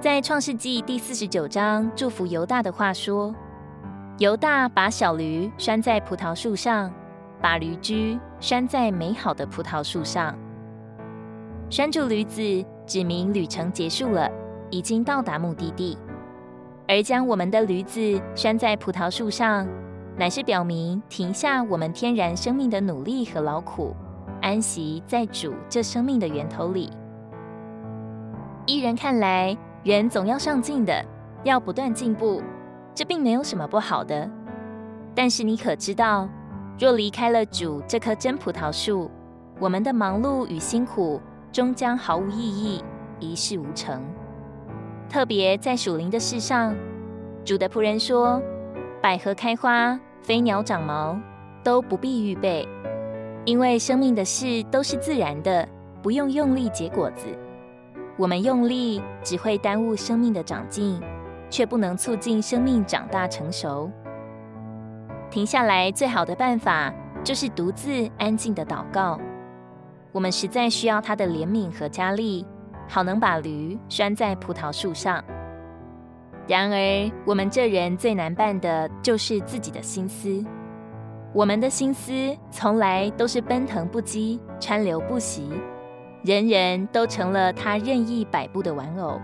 在創世記第四十九章祝福猶大的話說：“猶大把小驢拴在葡萄樹上，把驢駒拴在美好的葡萄樹上，拴住驢子，指明旅程結束了，已經到達目的地。而將我們的驢子拴在葡萄樹上，乃是表明停下我們天然生命的努力和勞苦，安息在主這生命的源頭裡。”一人看來。人總要上進的，要不斷進步，這並沒有什麼不好的。但是你可知道，若離開了主這棵真葡萄樹，我們的忙碌與辛苦終將毫無意義，一事無成。特別在屬靈的事上，主的僕人說：“百合開花，飛鳥長毛，都不必預備，因為生命的事都是自然的，不用用力結果子。”我們用力只會耽誤生命的長進，卻不能促進生命長大成熟。停下來最好的辦法就是獨自安靜的禱告。我們實在需要他的憐憫和加力，好能把驢拴在葡萄樹上。然而，我們這人最難辦的就是自己的心思。我們的心思從來都是奔騰不羈，川流不息。人人都成了他任意擺佈的玩偶。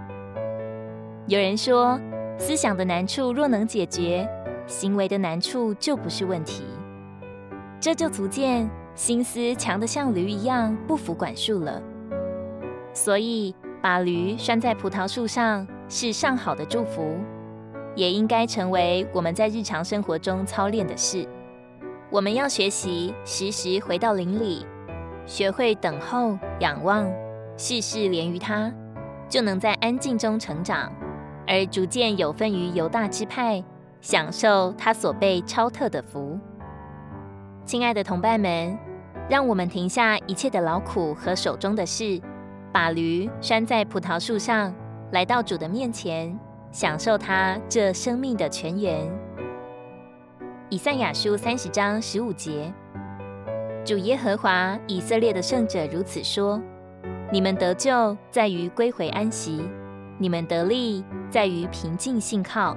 有人說，思想的難處若能解決，行為的難處就不是問題。這就足見心思強得像驢一樣不服管束了。所以，把驢拴在葡萄樹上是上好的祝福，也應該成為我們在日常生活中操練的事。我們要學習時時回到靈裡。學會等候、仰望，世事連於他，就能在安靜中成長，而逐漸有分於猶大支派，享受他所被超特的福。親愛的同伴們，讓我們停下一切的勞苦和手中的事，把驢拴在葡萄樹上，來到主的面前，享受他這生命的泉源。以賽亞書三十章十五節。主耶和華以色列的聖者如此說：你們得救在於歸回安息，你們得力在於平靜信靠，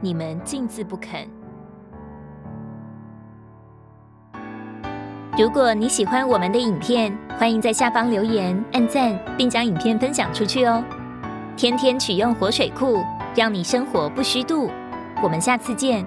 你們竟自不肯。如果你喜歡我們的影片，歡迎在下方留言、按讚，並將影片分享出去哦。天天取用活水庫，讓你生活不虛度。我們下次見。